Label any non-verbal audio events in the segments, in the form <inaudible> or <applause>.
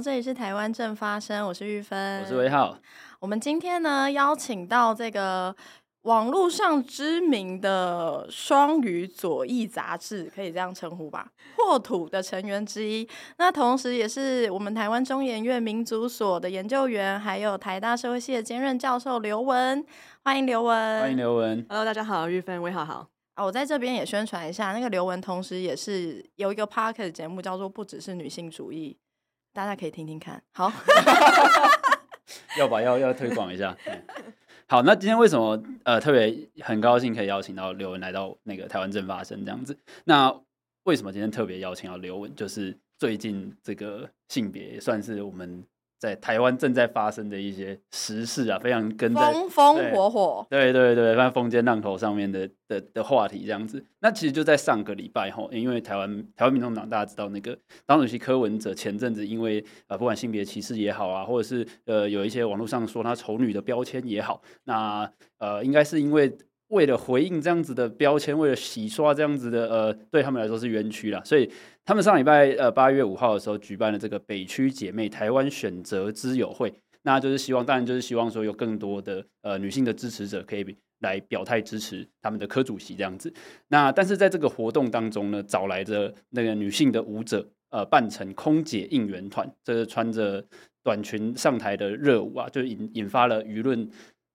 哦、這裡是台灣正發生，我是玉芬，我是威浩。我們今天呢邀請到這個網絡上知名的雙語左翼雜誌，可以這樣稱呼吧？破土的成員之一，那同時也是我們台灣中研院民族所的研究員，還有台大社會系的兼任教授劉文。歡迎劉文，歡迎劉文。Hello，大家好，玉芬、威浩好。啊、哦，我在這邊也宣傳一下，那個劉文同時也是有一個 Podcast 的節目，叫做不只是女性主義。大家可以聽聽看，好， <laughs> <laughs> <laughs> 要把要要推廣一下。好，那今天為什麼呃特別很高興可以邀請到劉文來到那個台灣正發生這樣子。那為什麼今天特別邀請到劉文？就是最近這個性別算是我們。在台灣正在發生的一些時事啊，非常跟在風風火火，對對對，那風尖浪頭上面的的的話題這樣子。那其實就在上個禮拜吼，因為台灣台灣民眾黨大家知道那個黨主席柯文哲前陣子因為啊、呃、不管性別歧視也好啊，或者是呃有一些網絡上說他厭女的標籤也好，那呃應該是因為。為了回應這樣子的標籤，為了洗刷這樣子的呃，對他們來說是冤屈啦。所以他們上禮拜呃八月五號的時候舉辦了這個北區姐妹台灣選擇之友會，那就是希望，當然就是希望說有更多的呃女性的支持者可以來表態支持他們的柯主席這樣子。那但是在這個活動當中呢，找來的那個女性的舞者呃扮成空姐應援團，就是穿着短裙上台的熱舞啊，就引引發了輿論。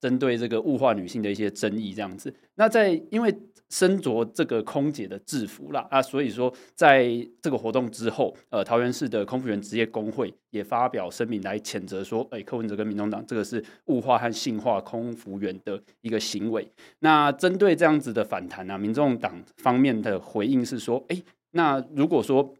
針對這個物化女性的一些爭議，這樣子，那在因為身着這個空姐的制服啦，啊，所以說在這個活動之後，呃，桃園市的空服員職業工會也發表聲明來譴責說，哎，柯文哲跟民眾黨這個是物化和性化空服員的一個行為。那針對這樣子的反彈呢、啊，民眾黨方面的回應是說，哎，那如果說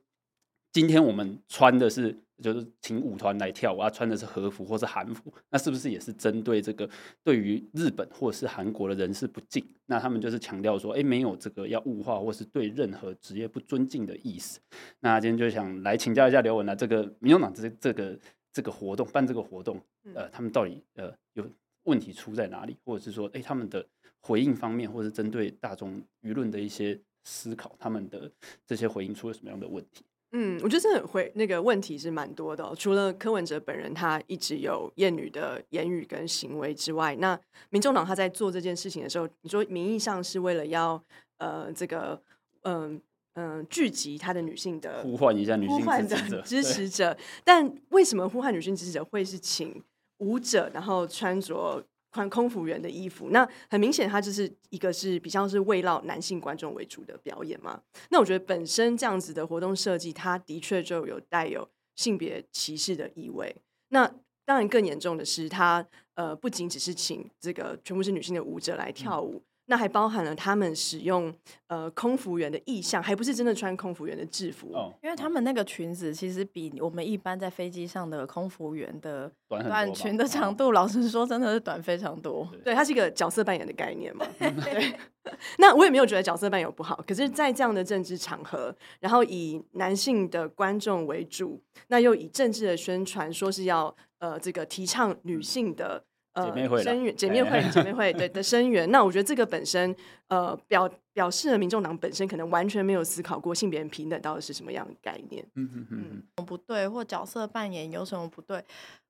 今天我們穿的是。就是請舞團來跳舞啊，穿的是和服或是韓服，那是不是也是針對這個對於日本或是韓國的人士不敬？那他們就是強調說，哎、欸，沒有這個要物化或是對任何職業不尊敬的意思。那今天就想來請教一下劉文呢，這個民眾黨這這個這個活動辦這個活動，呃，他們到底呃有問題出在哪裡，或者是說，哎、欸，他們的回應方面或是針對大眾輿論的一些思考，他們的這些回應出了什麼樣的問題？嗯，我覺得真的很會，那個問題是蠻多的、哦。除了柯文哲本人，他一直有厭女的言語跟行為之外，那民眾黨他在做這件事情的時候，你說名義上是為了要呃這個嗯嗯、呃呃、聚集他的女性的呼喚一下女性支持者，呼喚的支持者對但為什麼呼喚女性支持者會是請舞者，然後穿着？穿空服員的衣服，那很明顯，它，就是一個是比較是圍繞男性觀眾為主的表演嘛。那我覺得本身這樣子的活動設計，它的確就有帶有性別歧視的意味。那當然更嚴重的是，它呃不僅只是請這個全部是女性的舞者來跳舞。嗯那還包含了他們使用呃空服員的意象，還不是真的穿空服員的制服，因為他們那個裙子其實比我們一般在飛機上的空服員的短裙的長度，老實說真的是短非常多。對，對，它是一個角色扮演的概念嘛？對。 <laughs> <laughs> 那我也沒有覺得角色扮演有不好，可是，在這樣的政治場合，然後以男性的觀眾為主，那又以政治的宣傳說是要呃這個提倡女性的。呃，聲援源姐妹會，對姐妹會對的聲援。 <laughs> 那我覺得這個本身，呃，表表示了民眾黨本身可能完全沒有思考過性別人平等到底是什麼樣的概念。嗯嗯嗯。嗯嗯什麼不對？或角色扮演有什麼不對？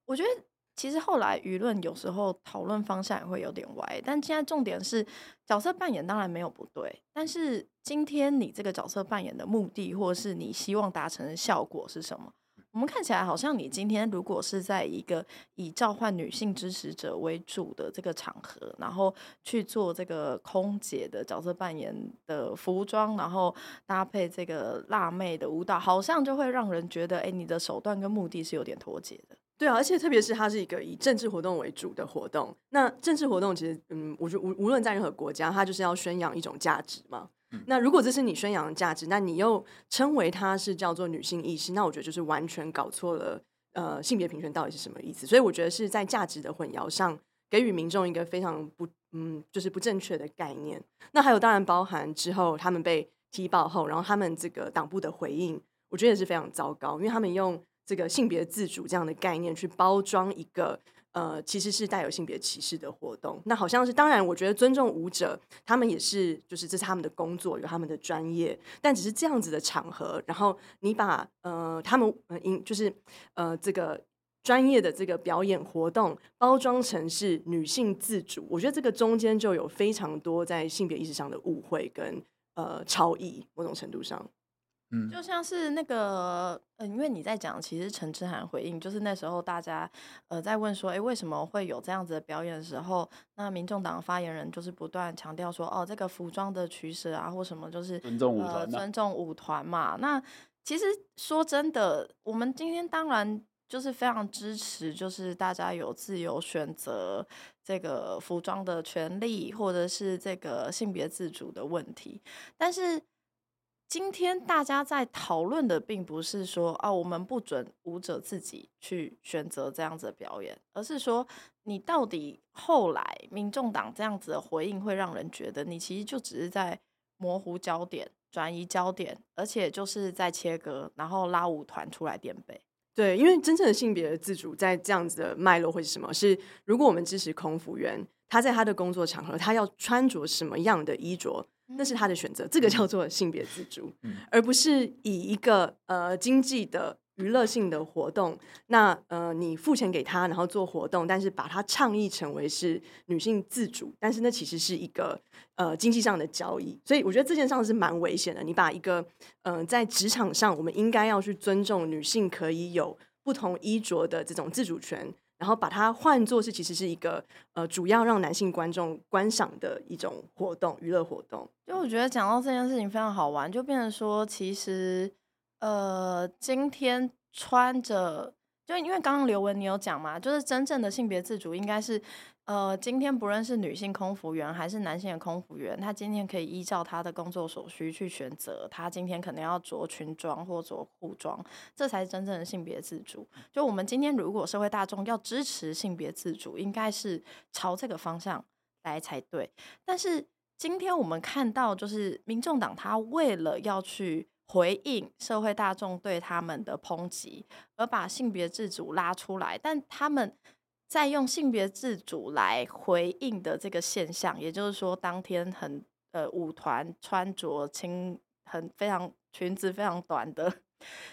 我覺得其實後來輿論有時候討論方向也會有點歪。但現在重點是角色扮演當然沒有不對，但是今天你這個角色扮演的目的，或是你希望達成的效果是什麼？我們看起來好像，你今天如果是在一個以召喚女性支持者為主的這個場合，然後去做這個空姐的角色扮演的服裝，然後搭配這個辣妹的舞蹈，好像就會讓人覺得，哎，你的手段跟目的是有點脫節的。對啊，而且特別是它是一個以政治活動為主的活動。那政治活動其實，嗯，我就無無論在任何國家，它就是要宣揚一種價值嘛。嗯，那如果這是你宣揚的價值，那你又稱為它是叫做女性意識，那我覺得就是完全搞錯了。呃，性別平權到底是什麼意思？所以我覺得是在價值的混淆上，給予民眾一個非常不，嗯，就是不正確的概念。那還有當然包含之後他們被踢爆後，然後他們這個黨部的回應，我覺得也是非常糟糕，因為他們用這個性別自主這樣的概念去包裝一個。呃，其實是帶有性別歧視的活動。那好像是，當然，我覺得尊重舞者，他們也是，就是這是他們的工作，有他們的專業。但只是這樣子的場合，然後你把呃他們，嗯、呃，就是呃這個專業的這個表演活動包裝成是女性自主，我覺得這個中間就有非常多在性別意識上的誤會跟呃超譯，某種程度上。嗯， <noise> 就像是那個，嗯、呃，因為你在講，其實陳智菡回應就是那時候大家，呃，在問說，誒，為什麼會有這樣子的表演的時候，那民眾黨發言人就是不斷強調說，哦，這個服裝的取舍啊，或什麼就是尊重、啊、呃尊重舞團嘛。那其實說真的，我們今天當然就是非常支持，就是大家有自由選擇這個服裝的權利，或者是這個性別自主的問題，但是，今天大家在討論的，並不是說啊，我們不准舞者自己去選擇這樣子的表演，而是說你到底後來民眾黨這樣子的回應，會讓人覺得你其實就只是在模糊焦點、轉移焦點，而且就是在切割，然後拉舞團出來墊背。對，因為真正的性別的自主在這樣子的脈絡會是什麼？是如果我們支持空服員，他在他的工作場合，他要穿着什麼樣的衣着？那是他的選擇，這個叫做性別自主，而不是以一個呃經濟的娛樂性的活動。那呃，你付錢給他，然後做活動，但是把它倡議成為是女性自主，但是那其實是一個呃經濟上的交易。所以我覺得這件事上是蠻危險的。你把一個呃在職場上，我們應該要去尊重女性可以有不同衣着的這種自主權。然後把它換作是，其實是一個呃，主要讓男性觀眾觀賞的一種活動，娛樂活動。就我覺得講到這件事情非常好玩，就變成說，其實呃，今天穿着，就因為剛剛劉文你有講嘛，就是真正的性別自主應該是。呃，今天不論是女性空服員還是男性的空服員，他今天可以依照他的工作所需去選擇，他今天可能要着裙裝或着褲裝，這才是真正的性別自主。就我們今天如果社會大眾要支持性別自主，應該是朝這個方向來才對。但是今天我們看到，就是民眾黨他為了要去回應社會大眾對他們的抨擊，而把性別自主拉出來，但他們。在用性別自主來回應的這個現象，也就是說，當天很呃舞團穿着輕很非常裙子非常短的，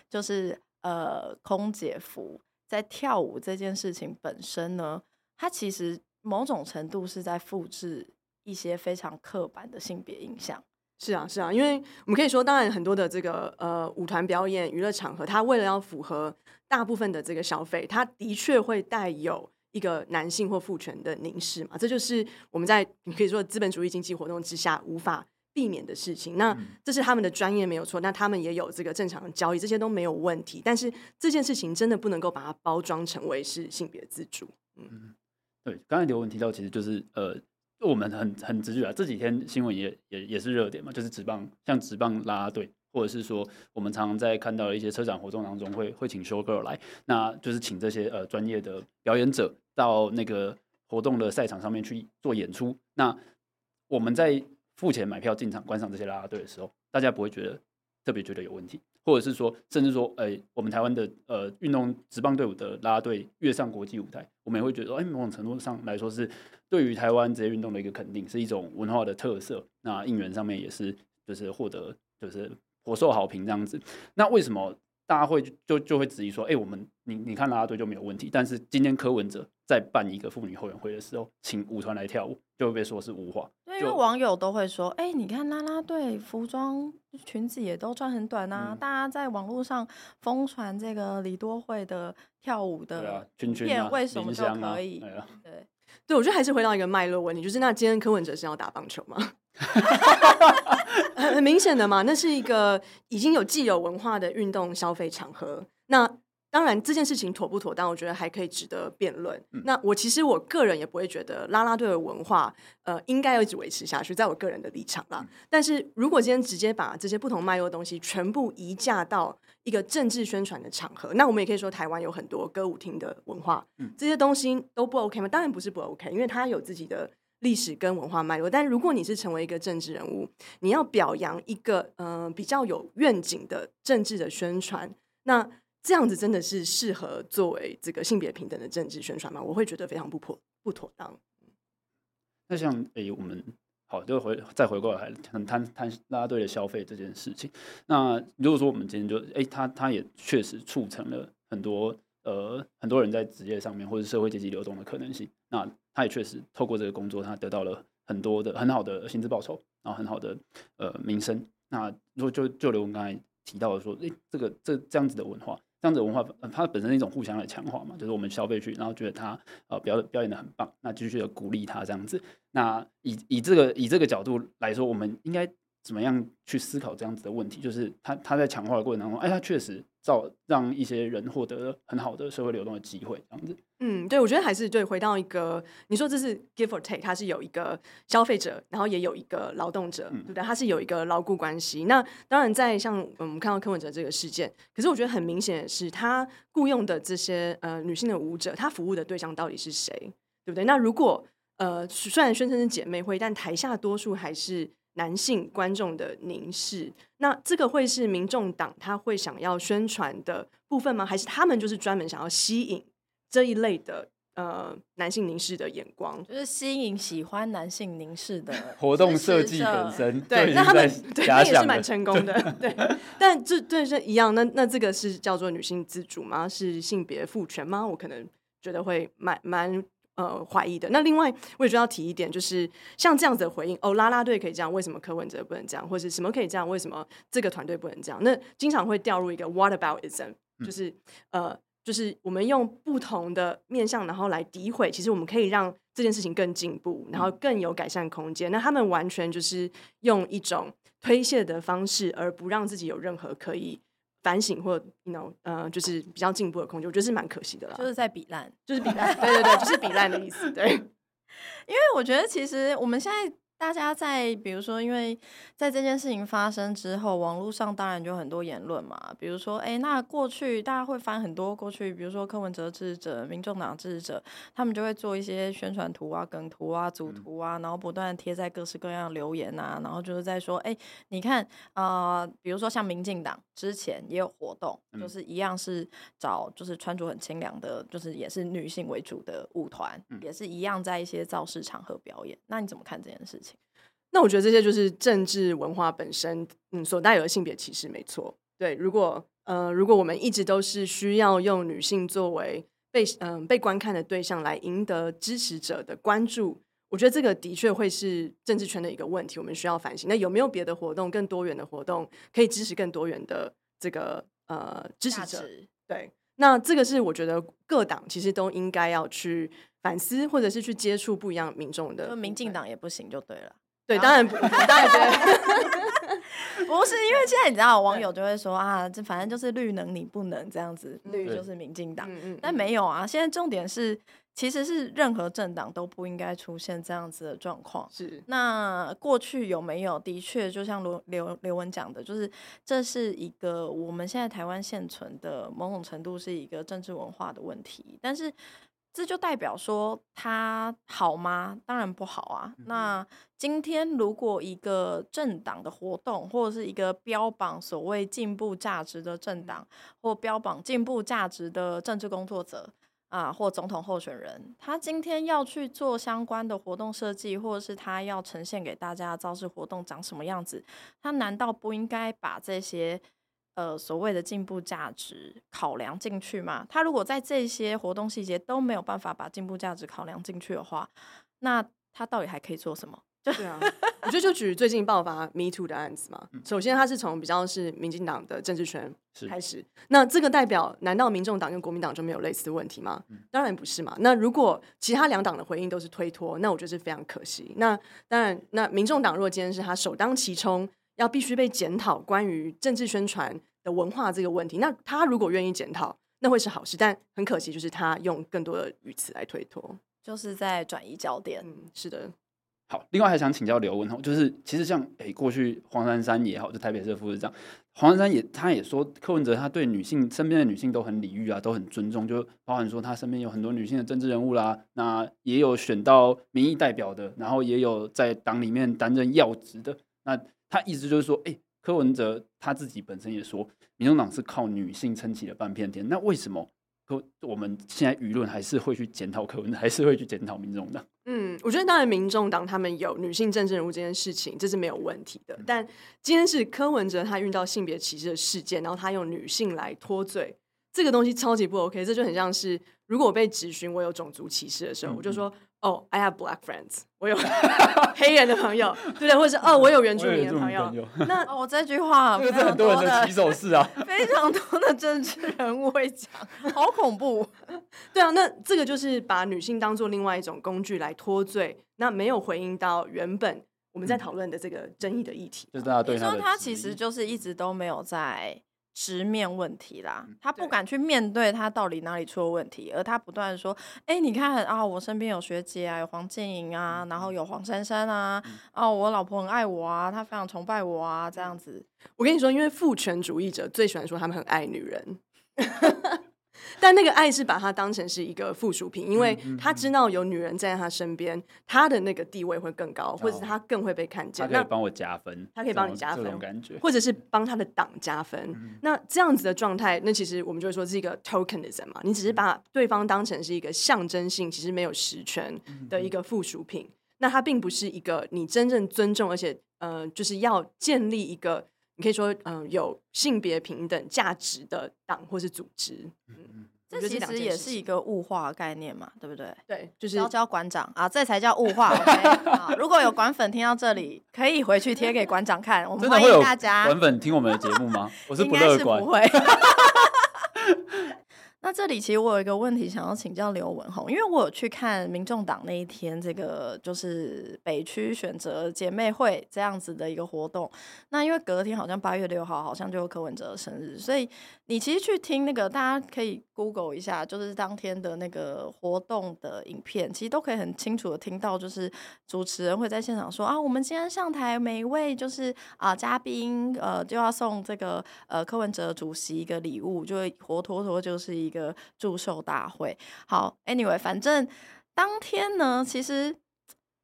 就是呃空姐服在跳舞這件事情本身呢，它其實某種程度是在複製一些非常刻板的性別印象。是啊，是啊，因為我們可以說，當然很多的這個呃舞團表演、娛樂場合，它為了要符合大部分的這個消費，它的確會帶有。一個男性或父權的凝視嘛，這就是我們在你可以說資本主義經濟活動之下無法避免的事情。那這是他們的專業沒有錯，那他們也有這個正常的交易，這些都沒有問題。但是這件事情真的不能夠把它包裝成為是性別自主。嗯，嗯對，剛才有提到，其實就是呃，我們很很直覺啊，這幾天新聞也也也是熱點嘛，就是職棒，像職棒啦啦或者是說，我們常常在看到一些車展活動當中會，會會請 Show Girl 來，那就是請這些呃專業的表演者到那個活動的賽場上面去做演出。那我們在付錢買票進場觀賞這些啦啦隊的時候，大家不會覺得特別覺得有問題，或者是說，甚至說，呃、欸，我們台灣的呃運動職棒隊伍的啦啦隊躍上國際舞台，我們也會覺得，哎、欸，某種程度上來說是對於台灣這些運動的一個肯定，是一種文化的特色。那應援上面也是，就是獲得，就是。.火受好評這樣子，那為什麼大家會就就，就會質疑說，哎、欸，我們你你看啦啦隊就沒有問題，但是今天柯文哲在辦一個婦女後援會的時候，請舞團來跳舞，就會被說是物化？因為網友都會說，哎、欸，你看啦啦隊服裝裙子也都穿很短啊，嗯、大家在網絡上瘋傳這個李多慧的跳舞的影片為什麼就可以？對對，我覺得還是回到一個脈絡問題，就是那今天柯文哲是要打棒球嗎？ <laughs> 很、 <laughs> 呃、很明顯的嘛，那是一個已經有既有文化的運動消費場合。那當然這件事情妥不妥當，我覺得還可以值得辯論。嗯、那我其實我個人也不會覺得啦啦隊的文化，呃，應該要一直維持下去，在我個人的立場啦。嗯、但是如果今天直接把這些不同脈絡的東西全部移嫁到一個政治宣傳的場合，那我們也可以說台灣有很多歌舞廳的文化，嗯、這些東西都不 OK 嗎？當然不是不 OK，因為它有自己的。歷史跟文化脈絡，但如果你是成為一個政治人物，你要表揚一個嗯、呃、比較有願景的政治的宣傳，那這樣子真的是適合作為這個性別平等的政治宣傳嗎？我會覺得非常不妥不妥當。那像誒、欸，我們好，就回再回過來談談啦啦隊的消費這件事情。那如果、就是、說我們今天就誒，他、欸、他也確實促成了很多呃很多人在職業上面或是社會階級流動的可能性，那。他也確實透過這個工作，他得到了很多的很好的薪資報酬，然後很好的呃名聲。那如果就就劉文剛才提到的說，誒，這個這這樣子的文化，這樣子的文化，呃，它本身是一種互相的強化嘛，就是我們消費去，然後覺得他呃表表演的很棒，那繼續的鼓勵他這樣子。那以以這個以這個角度來說，我們應該。怎麼樣去思考這樣子的問題？就是他，他在強化的過程當中，哎，他確實造讓一些人獲得了很好的社會流動的機會，這樣子。嗯，對，我覺得還是對。回到一個，你說這是 give or take，它是有一個消費者，然後也有一個勞動者，對不對？它是有一個勞雇關係。那當然，在像我們看到柯文哲這個事件，可是我覺得很明顯是他雇傭的這些呃女性的舞者，他服務的對象到底是誰，對不對？那如果呃雖然宣稱是姐妹會，但台下多數還是。男性觀眾的凝視，那這個會是民眾黨他會想要宣傳的部分嗎？還是他們就是專門想要吸引這一類的呃男性凝視的眼光，就是吸引喜歡男性凝視的活動設計本身？本身對，那他們對，那也是蠻成功的。對，對，但這但是一樣，那那這個是叫做女性自主嗎？是性別賦權嗎？我可能覺得會蠻蠻。呃，懷疑的。那另外，我也要提一點，就是像這樣子的回應，哦，啦啦隊可以這樣，為什麼柯文哲不能這樣，或是什麼可以這樣，為什麼這個團隊不能這樣？那經常會掉入一個 whataboutism，就是呃，就是我們用不同的面向，然後來詆毀，其實我們可以讓這件事情更進步，然後更有改善空間。嗯、那他們完全就是用一種推卸的方式，而不讓自己有任何可以。反省或 you know 呃，就是比較進步的空間，我覺得是蠻可惜的啦。就是在比爛，就是比爛。 <laughs> 對對對，就是比爛的意思。對， <laughs> 因為我覺得其實我們現在。大家在比如說，因為在這件事情發生之後，網絡上當然就很多言論嘛。比如說，哎、欸，那過去大家會翻很多過去，比如說柯文哲支持者、民眾黨支持者，他們就會做一些宣傳圖啊、梗圖啊、組圖啊，然後不斷貼在各式各樣的留言啊，然後就是在說，哎、欸，你看啊、呃，比如說像民進黨之前也有活動，嗯、就是一樣是找就是穿着很清涼的，就是也是女性為主的舞團，嗯、也是一樣在一些造勢場合表演。那你怎麼看這件事情？那我覺得這些就是政治文化本身，嗯，所帶有的性別歧視，沒錯。對，如果呃，如果我們一直都是需要用女性作為被嗯、呃、被觀看的對象來贏得支持者的關注，我覺得這個的確會是政治圈的一個問題，我們需要反省。那有沒有別的活動，更多元的活動，可以支持更多元的這個呃支持者？對，那這個是我覺得各黨其實都應該要去反思，或者是去接觸不一樣民眾的。民進黨也不行，就對了。當然， <laughs> 當然不，不， <laughs> <laughs> 不是，因為現在你知道網友就會說對啊，這反正就是綠能你不能這樣子，綠就是民進黨，嗯嗯對，但沒有啊。現在重點是，其實是任何政黨都不應該出現這樣子的狀況。是，那過去有沒有？的確，就像劉劉劉文講的，就是這是一個我們現在台灣現存的某種程度是一個政治文化的問題，但是，這就代表說他好嗎？當然不好啊。那今天如果一個政黨的活動，或者是一個標榜所謂進步價值的政黨，或標榜進步價值的政治工作者啊、呃，或總統候選人，他今天要去做相關的活動設計，或者是他要呈現給大家的造勢活動長什麼樣子，他難道不應該把這些呃，所謂的進步價值考量進去嘛？他如果在這些活動細節都沒有辦法把進步價值考量進去的話，那他到底還可以做什麼？對啊， <laughs> 我覺得就舉最近爆發 Me Too 的案子嘛。嗯、首先，他是從比較是民進黨的政治圈開始，是那這個代表難道民眾黨跟國民黨就沒有類似的問題嗎？嗯、當然不是嘛。那如果其他兩黨的回應都是推脫，那我覺得是非常可惜。那當然，那民眾黨若真的是他首當其衝。要必須被檢討關於政治宣傳的文化這個問題。那他如果願意檢討，那會是好事。但很可惜，就是他用更多的語詞來推脫，就是在轉移焦點。嗯，是的。好，另外還想請教劉文，就是其實像誒、欸，過去黃珊珊也好，就台北市副市長黃珊珊也，他也說柯文哲他對女性身邊的女性都很禮遇啊，都很尊重，就包含說他身邊有很多女性的政治人物啦，那也有選到民意代表的，然後也有在黨裡面擔任要職的那。他意思就是說，哎、欸，柯文哲他自己本身也說，民眾黨是靠女性撐起了半片天。那為什麼柯我們現在輿論還是會去檢討柯文哲，還是會去檢討民眾黨？嗯，我覺得當然民眾黨他們有女性政治人物這件事情，這是沒有問題的。嗯、但今天是柯文哲他遇到性別歧視的事件，然後他用女性來脫罪，這個東西超級不 OK。這就很像是，如果我被質詢我有種族歧視的時候，我就說。嗯嗯哦、oh，I have black friends，我有黑人的朋友， <laughs> 對不對？或者是、嗯、哦，我有原住民的朋友。我朋友那我、哦、這句話非常，這是很多人的起手式啊， <laughs> 非常多的政治人物會講， <laughs> 好恐怖。 <laughs> 對啊，那這個就是把女性當做另外一種工具來脫罪，那沒有回應到原本我們在討論的這個爭議的議題。你、嗯、說他其實就是一直都沒有在。直面問題啦，他不敢去面對他到底哪裡出了問題，對而他不斷說：“哎、欸，你看啊、哦，我身邊有學姐啊，有黃瀞瑩啊，嗯、然後有黃珊珊啊，嗯、哦，我老婆很愛我啊，她非常崇拜我啊，這樣子。”我跟你說，因為父權主義者最喜歡說他們很愛女人。 <laughs> 但那個愛是把他當成是一個附屬品，因為他知道有女人在他身邊，他的那個地位會更高，或者是他更會被看見。那幫、哦、我加分，他可以幫你加分，或者是幫他的黨加分。嗯、那這樣子的狀態，那其實我們就會說是一個 tokenism 嘛，你只是把對方當成是一個象徵性，其實沒有實權的一個附屬品。嗯嗯，那他並不是一個你真正尊重，而且呃，就是要建立一個。你可以說，嗯、呃，有性別平等價值的黨或是組織，嗯嗯、這其實也是一個物化概念嘛，對不對？對，就是要教館長啊，這才叫物化。 <laughs> okay 啊、如果有館粉聽到這裡，可以回去貼給館長看。 <laughs> 我們歡迎大家，真的會有館粉聽我們的節目嗎？我是不樂觀。 <laughs> 是 <laughs> 那這裡其實我有一個問題想要請教劉文宏，因為我有去看民眾黨那一天這個就是北區選擇姐妹會這樣子的一個活動，那因為隔天好像八月六號好像就有柯文哲生日，所以。你其實去聽那個，大家可以 Google 一下，就是當天的那個活動的影片，其實都可以很清楚地聽到，就是主持人會在現場說啊，我們今天上台每一位就是啊、呃、嘉賓，呃，就要送這個呃柯文哲主席一個禮物，就會活脫脫就是一個祝壽大會。好，Anyway，反正當天呢，其實。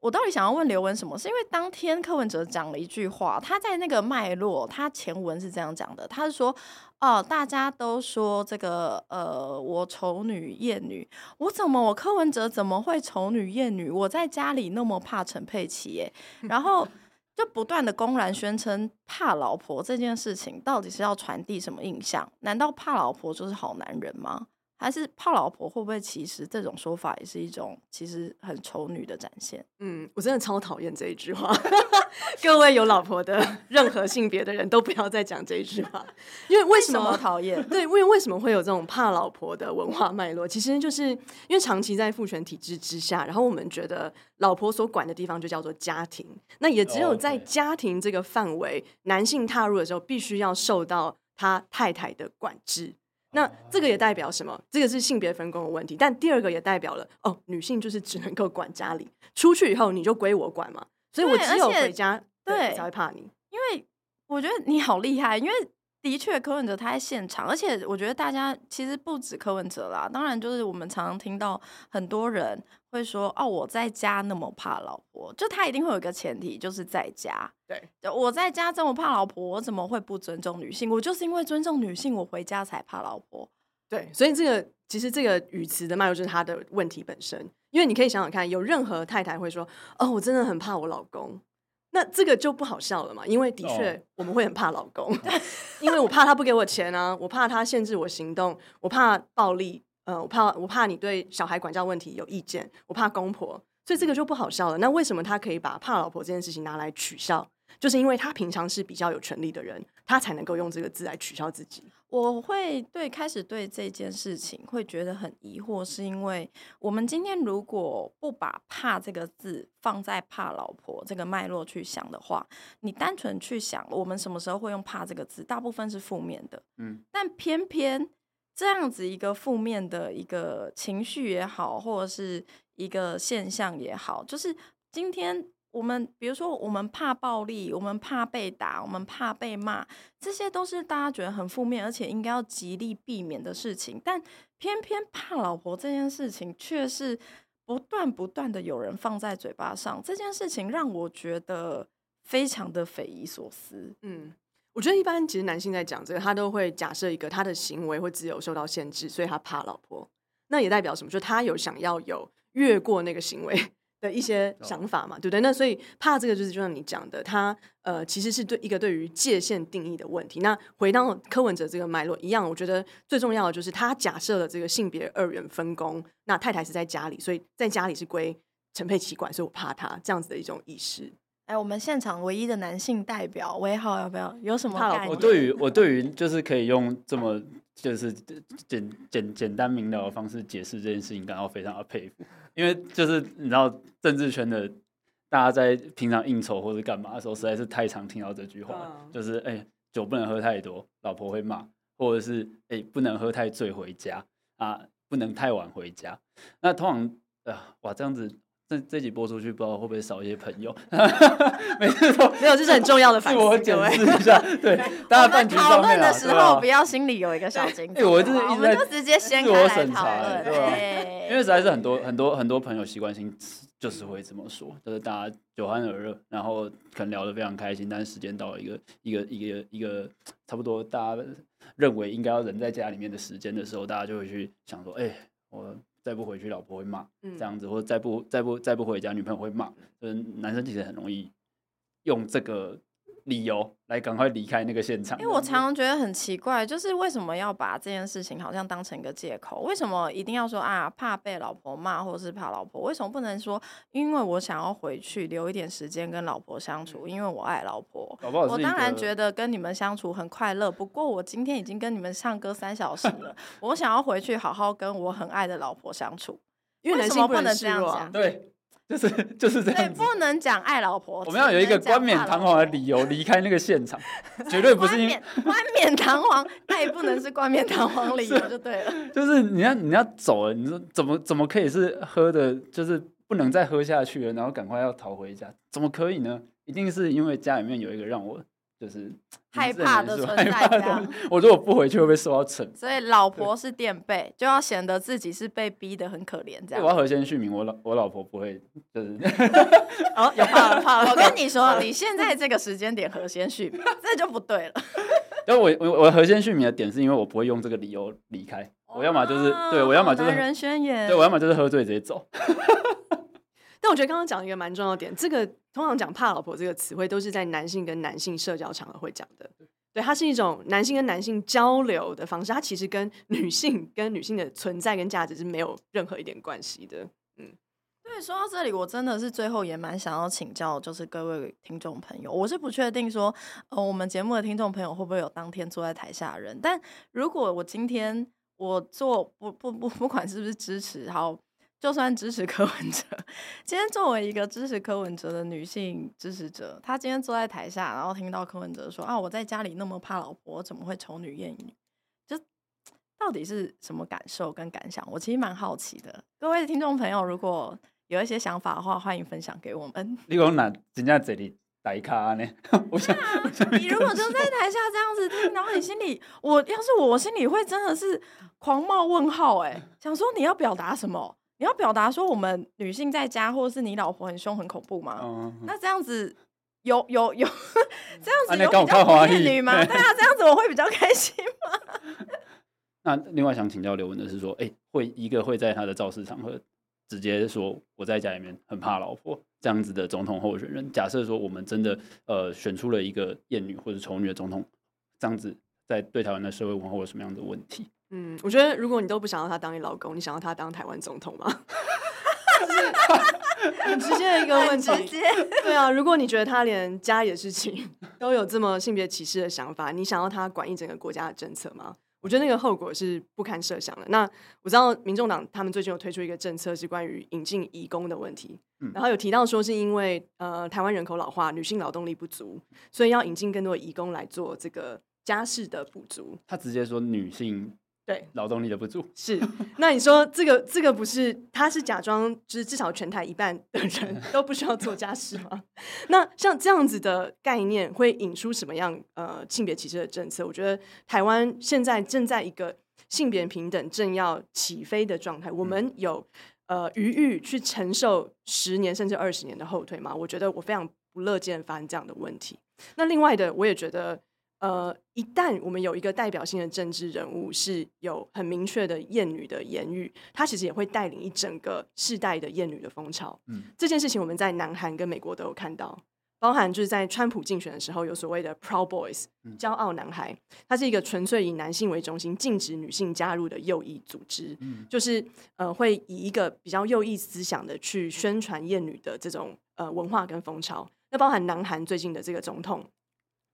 我到底想要問劉文什麼？是因為當天柯文哲講了一句話，他在那個脈絡，他前文是這樣講的，他是說，哦，大家都說這個，呃，我仇女厭女，我怎麼我柯文哲怎麼會仇女厭女？我在家裡那麼怕陳佩琪耶、欸，然後就不斷的公然宣稱怕老婆這件事情，到底是要傳遞什麼印象？難道怕老婆就是好男人嗎？還是怕老婆會不會？其實這種說法也是一種其實很厭女的展現。嗯，我真的超討厭這一句話。 <laughs> 各位有老婆的任何性別的人都不要再講這一句話，因為為什麼, <laughs> 為什麼討厭？對，因為為什麼會有這種怕老婆的文化脈絡？其實就是因為長期在父權體制之下，然後我們覺得老婆所管的地方就叫做家庭，那也只有在家庭這個範圍，oh, okay. 男性踏入的時候，必須要受到他太太的管制。那這個也代表什麼？這個是性別分工的問題。但第二個也代表了哦，女性就是只能夠管家裡，出去以後你就歸我管嘛。所以，我只有回家，對，才會怕你，因為我覺得你好厲害，因為。的確，柯文哲他在現場，而且我覺得大家其實不止柯文哲啦。當然，就是我們常常聽到很多人會說：“哦，我在家那麼怕老婆。”就他一定會有一個前提，就是在家。對，就我在家這麼怕老婆，我怎麼會不尊重女性？我就是因為尊重女性，我回家才怕老婆。對，所以這個其實這個語詞的脈絡就是他的問題本身。因為你可以想想看，有任何太太會說：“哦，我真的很怕我老公。”那這個就不好笑了嘛，因為的確我們會很怕老公，oh. 因為我怕他不給我錢啊，我怕他限制我行動，我怕暴力，呃，我怕我怕你對小孩管教問題有意見，我怕公婆，所以這個就不好笑了。那為什麼他可以把怕老婆這件事情拿來取笑？就是因為他平常是比較有權力的人，他才能夠用這個字來取笑自己。我會對開始對這件事情會覺得很疑惑，是因為我們今天如果不把“怕”這個字放在“怕老婆”這個脈絡去想的話，你單純去想我們什麼時候會用“怕”這個字，大部分是負面的。嗯，但偏偏這樣子一個負面的一個情緒也好，或者是一個現象也好，就是今天。我們比如說，我們怕暴力，我們怕被打，我們怕被罵，這些都是大家覺得很負面，而且應該要極力避免的事情。但偏偏怕老婆這件事情，卻是不斷不斷的有人放在嘴巴上。這件事情讓我覺得非常的匪夷所思。嗯，我覺得一般其實男性在講這個，他都會假設一個他的行為會自由受到限制，所以他怕老婆。那也代表什麼？就他有想要有越過那個行為的一些想法嘛，對不對？那所以怕這個就是就像你講的，他呃，其實是對一個對於界限定義的問題。那回到柯文哲這個脈絡一樣，我覺得最重要的就是他假設了這個性別二元分工，那太太是在家裡，所以在家裡是歸陳佩琪管，所以我怕他這樣子的一種意識。哎，我們現場唯一的男性代表威浩要不要？有什麼感？怕老婆？ <laughs> 我對於我對於就是可以用這麼就是簡簡簡單明了的方式解釋這件事情感到非常的佩服，因為就是你知道政治圈的大家在平常應酬或是幹嘛的時候實在是太常聽到這句話，就是哎、欸、酒不能喝太多，老婆會罵，或者是哎、欸、不能喝太醉回家啊，不能太晚回家。那通常啊、呃、哇這樣子。這這集播出去，不知道會不會少一些朋友。每次沒有，這是很重要的反思。我解釋一下，對，大家飯局上面啊，不要心裡有一個小警總。我們就直接掀開來了，對。因為實在是很多很多很多朋友習慣性就是會這麼說，就是大家酒酣耳熱，然後可能聊得非常開心，但是時間到了一個一個一個一個差不多大家認為應該要人在家裡面的時間的時候，大家就會去想說，哎，我。再不回去，老婆會罵，這樣子。嗯、或再不再不再不回家，女朋友會罵。嗯、就是，男生其實很容易用這個理由來趕快離開那個現場，因為、欸、我常常覺得很奇怪，就是為什麼要把這件事情好像當成一個借口？為什麼一定要說啊，怕被老婆罵，或是怕老婆？為什麼不能說？因為我想要回去留一點時間跟老婆相處，因為我愛老婆。老婆我當然覺得跟你們相處很快樂，不過我今天已經跟你們唱歌三小時了， <laughs> 我想要回去好好跟我很愛的老婆相處。為什麼不能這樣子？啊？對。就是 <laughs> 就是這樣子，不能講愛老婆。我們要有一個冠冕堂皇的理由離開那個現場，絕對不是因為冠冕堂皇。那也不能是冠冕堂皇理由就對了。就是你要你要走了，你說怎麼怎麼可以是喝的，就是不能再喝下去了，然後趕快要逃回家，怎麼可以呢？一定是因為家裡面有一個讓我。就是害怕的存在，這樣。我說我不回去會不會受到懲？所以老婆是墊背，就要顯得自己是被逼的很可憐，這樣。我要和先續名，我老我老婆不會，就是。哦，有，怕了怕了，我跟你說，你現在這個時間點和先續名，這就不對了。因為我我我和先續名的點是因為我不會用這個理由離開，我要麼就是對，我要麼就是男人宣言，對，我要麼就是喝醉直接走。我覺得剛剛講一個蠻重要的點，這個通常講怕老婆這個詞彙都是在男性跟男性社交場合會講的，對，它是一種男性跟男性交流的方式，它其實跟女性跟女性的存在跟價值是沒有任何一點關係的，嗯。對，說到這裡，我真的是最後也蠻想要請教，就是各位聽眾朋友，我是不確定說，呃，我們節目的聽眾朋友會不會有當天坐在台下的人，但如果我今天我做不不不不管是不是支持，然後。就算支持柯文哲，今天作為一個支持柯文哲的女性支持者，她今天坐在台下，然後聽到柯文哲說：“啊，我在家裡那麼怕老婆，怎麼會仇女厭女？”就到底是什麼感受跟感想？我其實蠻好奇的。各位聽眾朋友，如果有一些想法的話，歡迎分享給我們。你說、啊、我拿，真正這裡大咖呢？不是啊，你如果就在台下這樣子聽，然後你心裡， <laughs> 我要是我心裡會真的是狂冒問號，誒，想說你要表達什麼？你要表達說我們女性在家，或者是你老婆很凶很恐怖嗎？哦嗯、那這樣子有有有呵呵這樣子有比較的嗎？嗯、較對，對啊，這樣子我會比較開心嗎？ <laughs> 那另外想請教劉文的是說，哎、欸，會一個會在他的造勢場合直接說我在家裡面很怕老婆這樣子的總統候選人，假設說我們真的呃選出了一個厭女或者醜女的總統，這樣子在對台灣的社會文化有什麼樣的問題？嗯，我覺得如果你都不想要他當你老公，你想要他當台灣總統嗎？ <laughs> <laughs> 很直接的一個問題。對啊，如果你覺得他連家裡的事情都有這麼性別歧視的想法，你想要他管一整個國家的政策嗎？我覺得那個後果是不堪設想的。那我知道民眾黨他們最近有推出一個政策，是關於引進移工的問題。嗯。然後有提到說是因為呃台灣人口老化，女性勞動力不足，所以要引進更多的移工來做這個家事的補足。他直接說女性。對勞動力的不足，是，那你說這個這個不是他是假裝，就是至少全台一半的人都不需要做家事嗎？那像這樣子的概念會引出什麼樣呃性別歧視的政策？我覺得台灣現在正在一個性別平等正要起飛的狀態，我們有呃餘裕去承受十年甚至二十年的後退嗎？我覺得我非常不樂見發生這樣的問題。那另外的，我也覺得。呃，一旦我們有一個代表性的政治人物是有很明確的厭女的言語，他其實也會帶領一整個世代的厭女的風潮。嗯，這件事情我們在南韓跟美國都有看到，包含就是在川普競選的時候，有所謂的 Proud Boys（、嗯、驕傲男孩），他是一個純粹以男性為中心、禁止女性加入的右翼組織，嗯、就是呃，會以一個比較右翼思想的去宣傳厭女的這種呃文化跟風潮。那包含南韓最近的這個總統。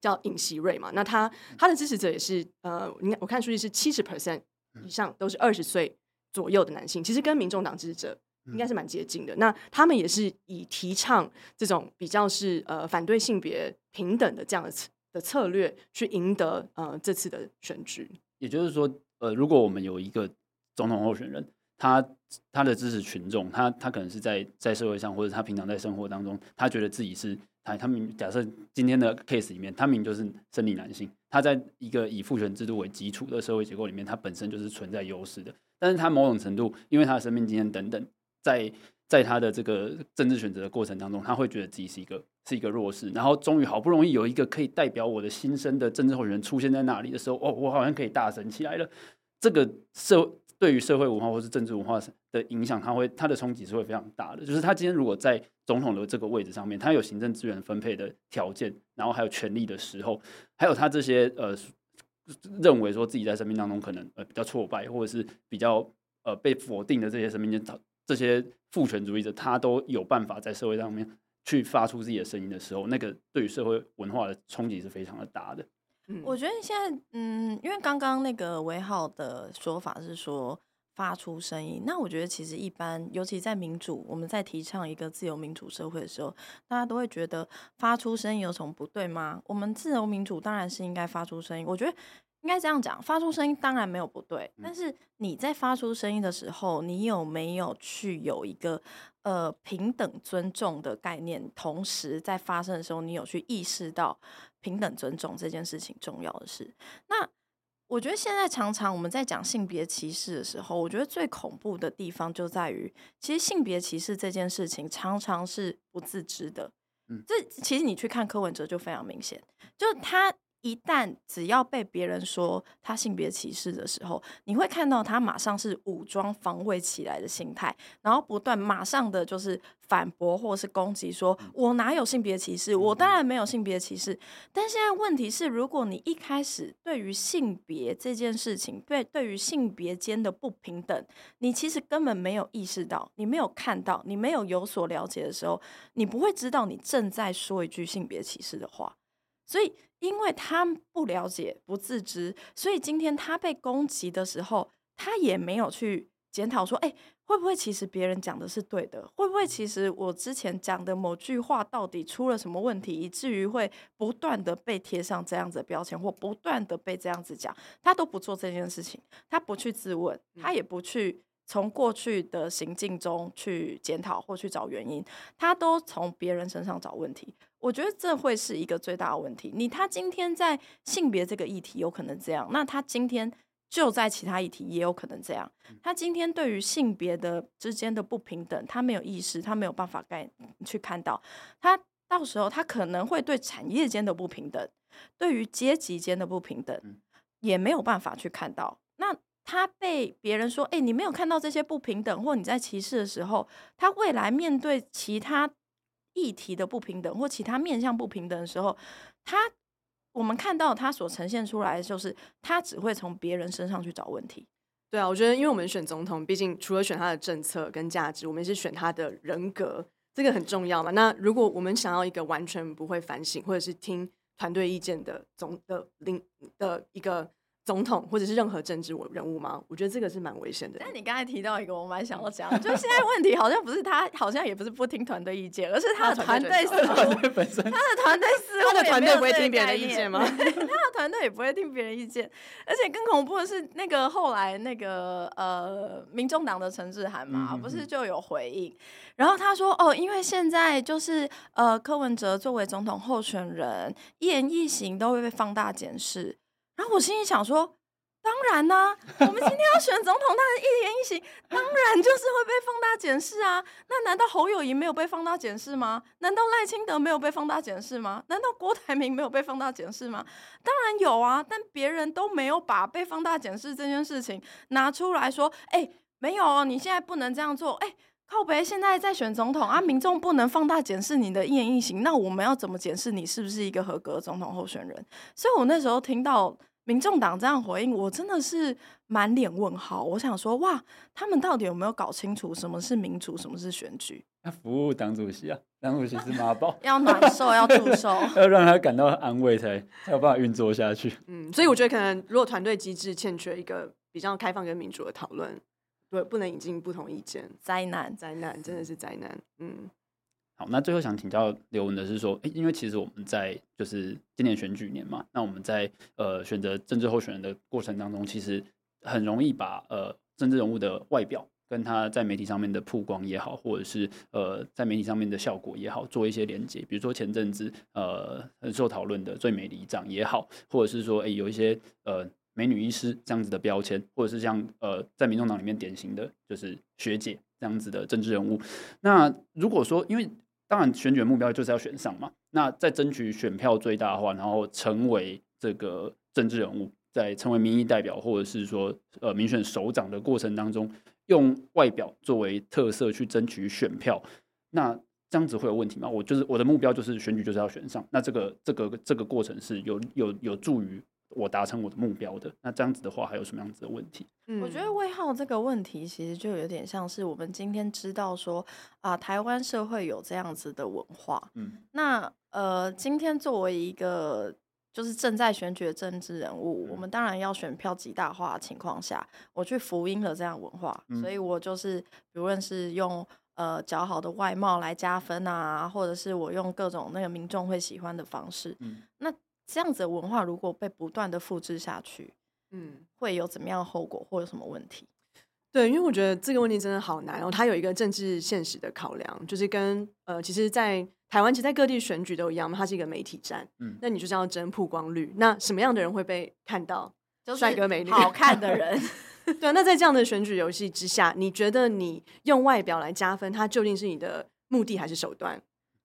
叫尹錫瑞嘛？那他、嗯、他的支持者也是呃，我我看數據是七十 percent 以上都是二十歲左右的男性，嗯、其實跟民眾黨支持者應該是蠻接近的。嗯、那他們也是以提倡這種比較是呃反對性別平等的這樣的的策略去贏得呃這次的選舉。也就是說，呃，如果我們有一個總統候選人，他他的支持群眾，他他可能是在在社會上，或者他平常在生活當中，他覺得自己是。他們假設今天的 case 裡面，他們就是生理男性，他在一個以父權制度為基礎的社會結構裡面，他本身就是存在優勢的。但是他某種程度因為他的生命經驗等等，在在他的這個政治選擇的過程當中，他會覺得自己是一個是一個弱勢。然後終於好不容易有一個可以代表我的心聲的政治候選人出現在那裡的時候，哦，我好像可以大聲起來了。這個社會對於社會文化或是政治文化的影響，它會它的衝擊是會非常大的。就是他今天如果在總統的這個位置上面，他有行政資源分配的條件，然後還有權力的時候，還有他這些呃認為說自己在生命當中可能呃比較挫敗，或者是比較呃被否定的這些生命間，這些父權主義者，他都有辦法在社會上面去發出自己的聲音的時候，那個對於社會文化的衝擊是非常的大的。我覺得現在，嗯，因為剛剛那個維浩的說法是說發出聲音，那我覺得其實一般，尤其在民主，我們在提倡一個自由民主社會的時候，大家都會覺得發出聲音有什麼不對嗎？我們自由民主當然是應該發出聲音。我覺得應該這樣講，發出聲音當然沒有不對，但是你在發出聲音的時候，你有沒有去有一個呃平等尊重的概念？同時在發聲的時候，你有去意識到？平等尊重這件事情重要的是，那我覺得現在常常我們在講性別歧視的時候，我覺得最恐怖的地方就在於，其實性別歧視這件事情常常是不自知的。嗯，這其實你去看柯文哲就非常明顯，就是他。一旦只要被別人說他性別歧視的時候，你會看到他馬上是武裝防衛起來的心態，然後不斷馬上的就是反駁或是攻擊說，說我哪有性別歧視，我當然沒有性別歧視。但現在問題是，如果你一開始對於性別這件事情，對對於性別間的不平等，你其實根本沒有意識到，你沒有看到，你沒有有所了解的時候，你不會知道你正在說一句性別歧視的話。所以，因為他不了解、不自知，所以今天他被攻擊的時候，他也沒有去檢討說：“哎、欸，會不會其實別人講的是對的？會不會其實我之前講的某句話到底出了什麼問題，以至於會不斷地被貼上這樣子的標籤，或不斷地被這樣子講？”他都不做這件事情，他不去自問，他也不去從過去的行徑中去檢討或去找原因，他都從別人身上找問題。我覺得這會是一個最大的問題。你他今天在性別這個議題有可能這樣，那他今天就在其他議題也有可能這樣。他今天對於性別的之間的不平等，他沒有意識，他沒有辦法去看到。他到時候他可能會對產業間的不平等，對於階級間的不平等，也沒有辦法去看到。那他被別人說：“誒，你沒有看到這些不平等，或你在歧視的時候，他未來面對其他。”議題的不平等或其他面向不平等的時候，他我們看到他所呈現出來的就是，他只會從別人身上去找問題。對啊，我覺得，因為我們選總統，畢竟除了選他的政策跟價值，我們是選他的人格，這個很重要嘛。那如果我們想要一個完全不會反省，或者是聽團隊意見的總的領的一個。總統或者是任何政治人物嗎？我覺得這個是蠻危險的。但你剛才提到一個我蠻想要講，就是現在問題好像不是他， <laughs> 好像也不是不聽團隊意見，而是他的團隊， <laughs> 他的團隊，他的團隊，他的團隊不會聽別人意見嗎？ <laughs> 他的團隊也不會聽別人意見，而且更恐怖的是，那個後來那個呃，民眾黨的陳智菡嘛，不是就有回應？ <laughs> 然後他說：“哦，因為現在就是呃，柯文哲作為總統候選人，一言一行都會被放大檢視。”然後、啊、我心裡想說：“當然呢、啊，我們今天要選總統，他的一言一行當然就是會被放大檢視啊。那難道侯友宜沒有被放大檢視嗎？難道賴清德沒有被放大檢視嗎？難道郭台銘沒有被放大檢視嗎？當然有啊，但別人都沒有把被放大檢視這件事情拿出來說。哎、欸，沒有哦，你現在不能這樣做，欸靠北，現在在選總統啊，民眾不能放大檢視你的一言一行，那我們要怎麼檢視你是不是一個合格總統候選人？所以，我那時候聽到民眾黨這樣回應，我真的是滿臉問號。我想說，哇，他們到底有沒有搞清楚什麼是民主，什麼是選舉？他服務黨主席啊，黨主席是媽寶， <laughs> 要暖壽，要祝壽， <laughs> 要讓他感到安慰，才才有辦法運作下去。嗯，所以我覺得，可能如果團隊機制欠缺一個比較開放跟民主的討論。不能引進不同意見，災難，災難，真的是災難。嗯，好，那最後想請教劉文的是說，欸，因為其實我們在就是今年選舉年嘛，那我們在呃選擇政治候選人的過程當中，其實很容易把呃政治人物的外表，跟他在媒體上面的曝光也好，或者是呃在媒體上面的效果也好，做一些連結，比如說前陣子呃很受討論的最美里長也好，或者是說，欸，有一些呃。美女醫師這樣子的標籤，或者是像呃，在民眾黨裡面典型的就是學姐這樣子的政治人物。那如果說，因為當然選舉的目標就是要選上嘛，那在爭取選票最大化，然後成為這個政治人物，在成為民意代表或者是說呃民選首長的過程當中，用外表作為特色去爭取選票，那這樣子會有問題嗎？我就是我的目標就是選舉就是要選上，那這個這個這個過程是有有有助於我達成我的目標的，那這樣子的話，還有什麼樣子的問題？嗯、我覺得魏浩這個問題其實就有點像是我們今天知道說啊、呃，台灣社會有這樣子的文化。嗯，那呃，今天作為一個就是正在選舉的政治人物，嗯、我們當然要選票極大化的情況下，我去福音了這樣文化，嗯、所以我就是無論是用呃較好的外貌來加分啊，或者是我用各種那個民眾會喜歡的方式，嗯、那。這樣子的文化如果被不斷的複製下去，嗯，會有怎麼樣的後果，或有什麼問題？對，因為我覺得這個問題真的好難哦、喔。它有一個政治現實的考量，就是跟呃，其實，在台灣，其實在各地選舉都一樣嘛，它是一個媒體戰，嗯，那你就是要爭曝光率，那什麼樣的人會被看到？帥哥美女，好看的人。 <laughs> <laughs> 對，那在這樣的選舉遊戲之下，你覺得你用外表來加分，它究竟是你的目的還是手段？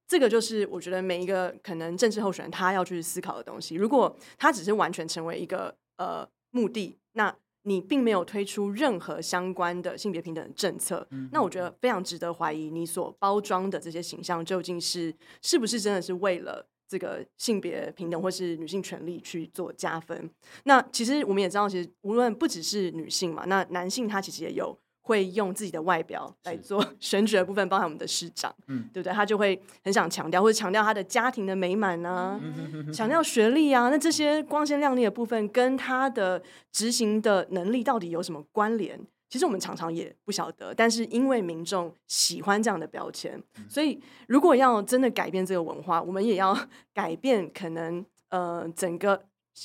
這個就是我覺得每一個可能政治候選人他要去思考的東西。如果他只是完全成為一個呃目的，那你並沒有推出任何相關的性別平等的政策，嗯、哼那我覺得非常值得懷疑你所包裝的這些形象究竟是是不是真的是為了這個性別平等或是女性權利去做加分。那其實我們也知道，其實無論不只是女性嘛，那男性他其實也有。會用自己的外表來做選舉的部分，是包含我們的市長，嗯、對不對？他就會很想強調，或者強調他的家庭的美滿啊，嗯、強調學歷啊。那這些光鮮亮麗的部分跟他的執行的能力到底有什麼關聯？其實我們常常也不曉得，但是因為民眾喜歡這樣的標籤，嗯、所以如果要真的改變這個文化，我們也要改變可能呃整個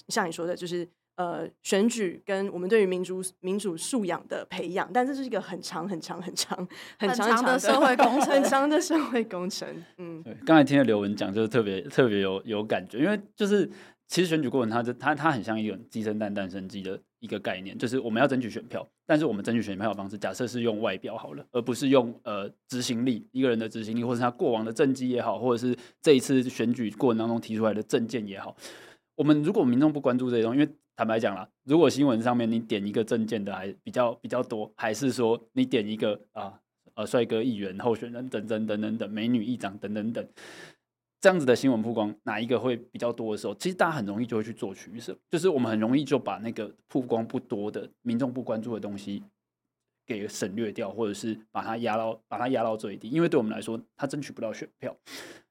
像你說的，就是。呃，選舉跟我們對於民主民主素養的培養，但這是一個很長很長很長、很長很長的社會工程，很長的社會工程。嗯，對。剛才聽了劉文講，就是特別特別有有感覺，因為就是其實選舉過程它它它它很像一個雞生蛋蛋生雞的一個概念，就是我們要爭取選票，但是我們爭取選票的方式，假設是用外表好了，而不是用呃執行力，一個人的執行力，或是他過往的政績也好，或者是這一次選舉過程當中提出來的政見也好，我們如果民眾不關注這些東西，因為。坦白講了，如果新聞上面你點一個政見的還比較比較多，還是說你點一個啊呃帥哥議員候選人等等等等等美女議長等等等，等這樣子的新聞曝光哪一個會比較多的時候，其實大家很容易就會去做取捨，就是我們很容易就把那個曝光不多的民眾不關注的東西給省略掉，或者是把它壓到把它壓到最低，因為對我們來說它爭取不到選票，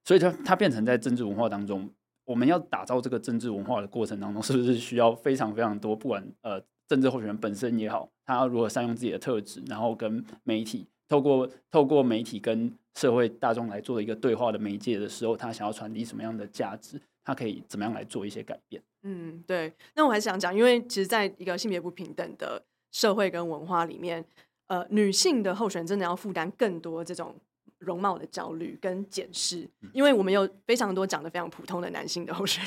所以它它變成在政治文化當中，我們要打造這個政治文化的過程當中，是不是需要非常非常多？不管呃，政治候選人本身也好，他要如何善用自己的特質，然後跟媒體透過透過媒體跟社會大眾來做一個對話的媒介的時候，他想要傳遞什麼樣的價值？他可以怎麼樣來做一些改變？嗯，對。那我還是想講，因為其實在一個性別不平等的社會跟文化裡面，呃，女性的候選人真的要負擔更多這種。容貌的焦慮跟檢視，因為我們有非常多長得非常普通的男性的候選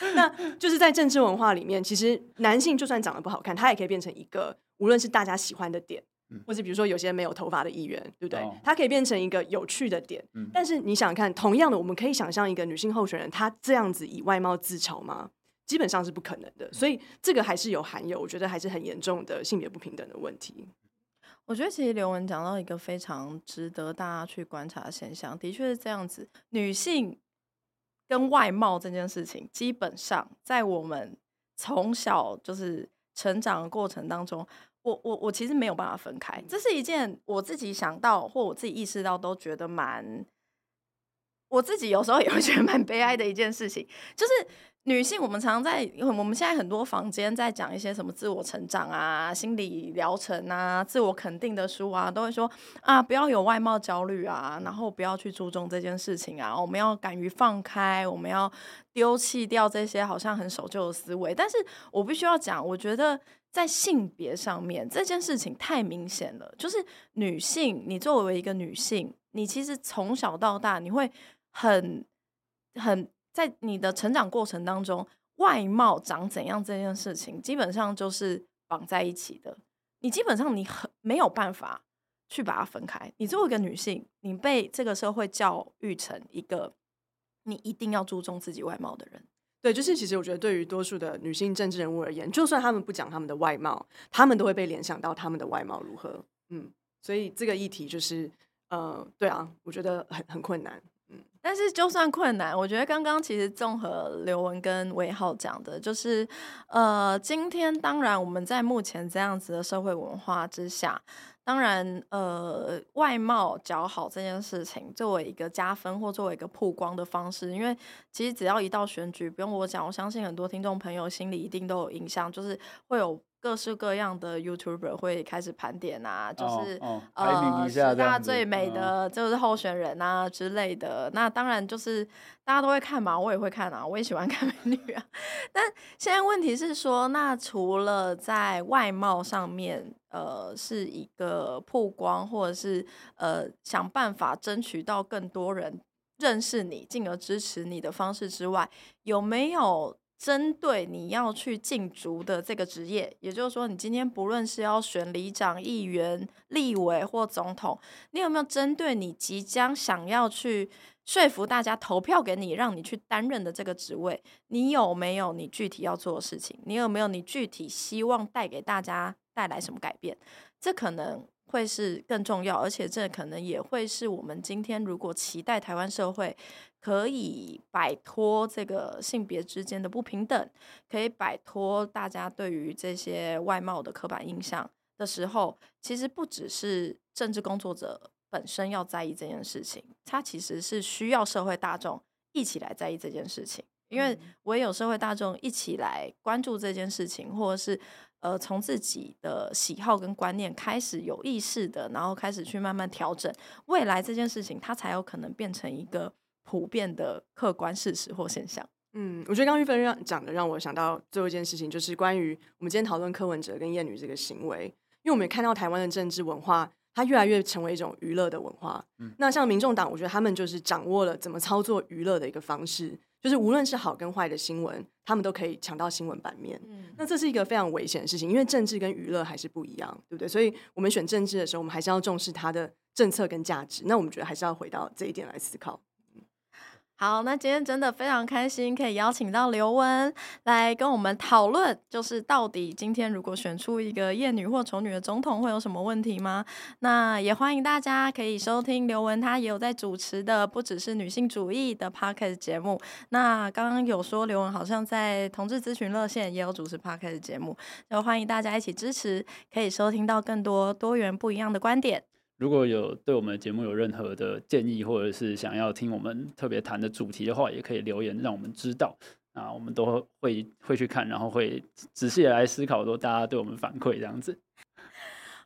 人， <laughs> 那就是在政治文化裡面，其實男性就算長得不好看，他也可以變成一個無論是大家喜歡的點，或是比如說有些沒有頭髮的議員，對不對？他可以變成一個有趣的點。但是你想看，同樣的，我們可以想象一個女性候選人，她這樣子以外貌自嘲嗎？基本上是不可能的。所以這個還是有含有，我覺得還是很嚴重的性別不平等的問題。我覺得其實劉文講到一個非常值得大家去觀察的現象，的確是這樣子。女性跟外貌這件事情，基本上在我們從小就是成長的過程當中，我我我其實沒有辦法分開。這是一件我自己想到或我自己意識到都覺得蠻，我自己有時候也會覺得蠻悲哀的一件事情，就是。女性，我們常常在我們現在很多房間在講一些什麼自我成長啊、心理療程啊、自我肯定的書啊，都會說啊，不要有外貌焦慮啊，然後不要去注重這件事情啊，我們要敢於放開，我們要丟棄掉這些好像很守舊的思維。但是我必須要講，我覺得在性別上面這件事情太明顯了，就是女性，你作為一個女性，你其實從小到大你會很很。在你的成長過程當中，外貌長怎樣這件事情，基本上就是綁在一起的。你基本上你很沒有辦法去把它分開。你作為一個女性，你被這個社會教育成一個你一定要注重自己外貌的人。對，就是其實我覺得，對於多數的女性政治人物而言，就算他們不講他們的外貌，他們都會被聯想到他們的外貌如何。嗯，所以這個議題就是，呃，對啊，我覺得很很困難。但是，就算困難，我覺得剛剛其實綜合劉文跟韋浩講的，就是，呃，今天當然我們在目前這樣子的社會文化之下，當然，呃，外貌較好這件事情作為一個加分或作為一個曝光的方式，因為其實只要一到選舉，不用我講，我相信很多聽眾朋友心裡一定都有印象，就是會有。各式各樣的 YouTuber 會開始盤點啊，就是 oh, oh, 呃，名十大最美的就是候選人啊之類的。那當然就是大家都會看嘛，我也會看啊，我也喜歡看美女啊。 <laughs> 但現在問題是說，那除了在外貌上面，呃，是一個曝光或者是呃想辦法爭取到更多人認識你，進而支持你的方式之外，有沒有？針對你要去競逐的這個職業，也就是說，你今天不論是要選里長、議員、立委或總統，你有沒有針對你即將想要去說服大家投票給你，讓你去擔任的這個職位，你有沒有你具體要做的事情？你有沒有你具體希望帶給大家帶來什麼改變？這可能會是更重要，而且這可能也會是我們今天如果期待台灣社會。可以擺脫這個性別之間的不平等，可以擺脫大家對於這些外貌的刻板印象的時候，其實不只是政治工作者本身要在意這件事情，他其實是需要社會大眾一起來在意這件事情。因為唯有社會大眾一起來關注這件事情，或者是呃從自己的喜好跟觀念開始有意識的，然後開始去慢慢調整，未來這件事情它才有可能變成一個。普遍的客觀事實或現象。嗯，我覺得剛玉芬讓講的讓我想到最後一件事情，就是關於我們今天討論柯文哲跟厭女這個行為，因為我們也看到台灣的政治文化，它越來越成為一種娛樂的文化。嗯、那像民眾黨，我覺得他們就是掌握了怎麼操作娛樂的一個方式，就是無論是好跟壞的新聞，他們都可以搶到新聞版面。嗯，那這是一個非常危險的事情，因為政治跟娛樂還是不一樣，對不對？所以我們選政治的時候，我們還是要重視它的政策跟價值。那我們覺得還是要回到這一點來思考。好，那今天真的非常開心，可以邀請到劉文來跟我們討論，就是到底今天如果選出一個厭女或醜女的總統，會有什麼問題嗎？那也歡迎大家可以收聽劉文，她也有在主持的不只是女性主義的 Podcast 的節目。那剛剛有說劉文好像在同志諮詢熱線也有主持 Podcast 的節目，那歡迎大家一起支持，可以收聽到更多多元不一樣的觀點。如果有對我們的節目有任何的建議，或者是想要聽我們特別談的主題的話，也可以留言讓我們知道。我們都會會去看，然後會仔細來思考，都大家對我們反饋這樣子。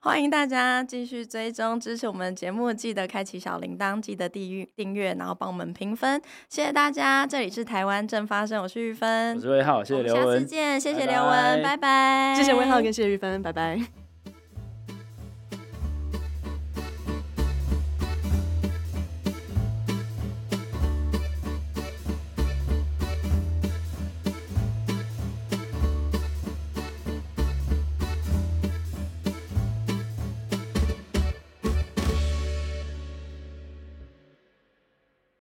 歡迎大家繼續追蹤支持我們的節目，記得開啟小鈴鐺，記得訂閱，訂閱然後幫我們評分，謝謝大家。這裡是台灣正發生，我是玉芬，我是魏浩。謝謝劉文，下次見，謝謝劉文，拜拜。謝謝魏浩跟謝謝玉芬，拜拜。謝謝。